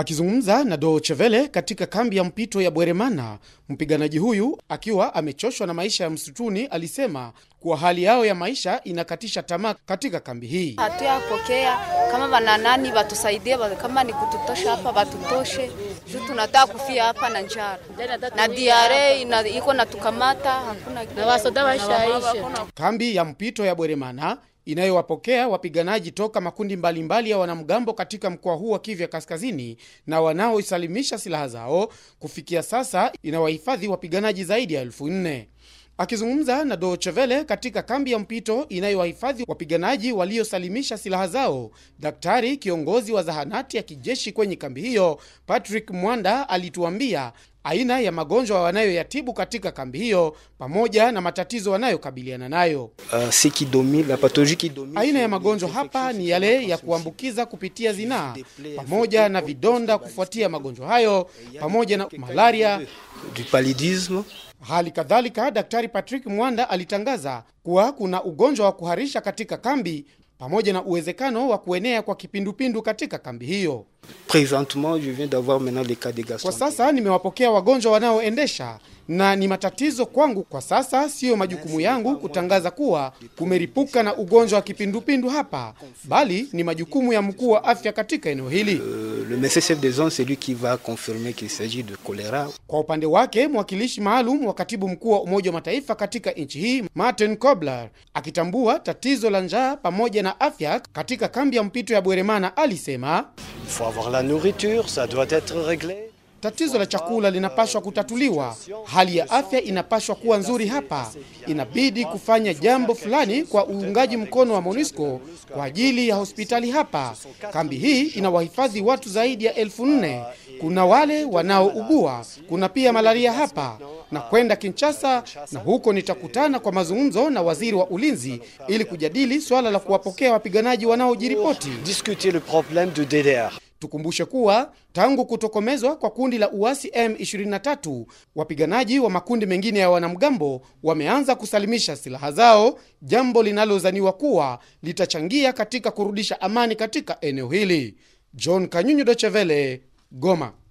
Akizungumza na Deutsche Welle katika kambi ya mpito ya Bweremana, mpiganaji huyu akiwa amechoshwa na maisha ya msituni alisema kuwa hali yao ya maisha inakatisha tamaa katika kambi hii. Hatuyapokea kama wananani watusaidie, kama ni kututosha hapa watutoshe, juu tunataka kufia hapa na njara na diare iko natukamata, hakuna na wasoda Kambi ya mpito ya Bweremana inayowapokea wapiganaji toka makundi mbalimbali mbali ya wanamgambo katika mkoa huu wa Kivu ya Kaskazini na wanaoisalimisha silaha zao. Kufikia sasa inawahifadhi wapiganaji zaidi ya elfu nne. Akizungumza na Dochevele katika kambi ya mpito inayowahifadhi wapiganaji waliosalimisha silaha zao, daktari kiongozi wa zahanati ya kijeshi kwenye kambi hiyo Patrick Mwanda alituambia aina ya magonjwa wanayoyatibu katika kambi hiyo pamoja na matatizo wanayokabiliana nayo. Uh, aina ya magonjwa hapa ni yale ya kuambukiza kupitia zinaa pamoja na vidonda kufuatia magonjwa hayo pamoja na malaria. Hali kadhalika, Daktari Patrick Mwanda alitangaza kuwa kuna ugonjwa wa kuharisha katika kambi pamoja na uwezekano wa kuenea kwa kipindupindu katika kambi hiyo. Présentement, je viens d'avoir maintenant les cas de gastro. Kwa sasa nimewapokea wagonjwa wanaoendesha na ni matatizo kwangu kwa sasa. Siyo majukumu yangu kutangaza kuwa kumeripuka na ugonjwa wa kipindupindu hapa, bali ni majukumu ya mkuu wa afya katika eneo hili. Euh, le chef c'est lui qui va confirmer qu'il s'agit de choléra. Kwa upande wake, mwakilishi maalum wa katibu mkuu wa Umoja wa Mataifa katika nchi hii Martin Kobler, akitambua tatizo la njaa pamoja na afya katika kambi ya mpito ya Bweremana, alisema faut avoir la nourriture, ça doit être réglé. Tatizo la chakula linapaswa kutatuliwa. Hali ya afya inapaswa kuwa nzuri hapa. Inabidi kufanya jambo fulani kwa uungaji mkono wa MONUSCO kwa ajili ya hospitali hapa. Kambi hii inawahifadhi watu zaidi ya elfu nne. Kuna wale wanaougua, kuna pia malaria hapa na kwenda Kinshasa, na huko nitakutana kwa mazungumzo na waziri wa ulinzi ili kujadili swala la kuwapokea wapiganaji wanaojiripoti. Tukumbushe kuwa tangu kutokomezwa kwa kundi la uasi M23, wapiganaji wa makundi mengine ya wanamgambo wameanza kusalimisha silaha zao, jambo linalozaniwa kuwa litachangia katika kurudisha amani katika eneo hili. John Kanyunyu, Dochevele, Goma.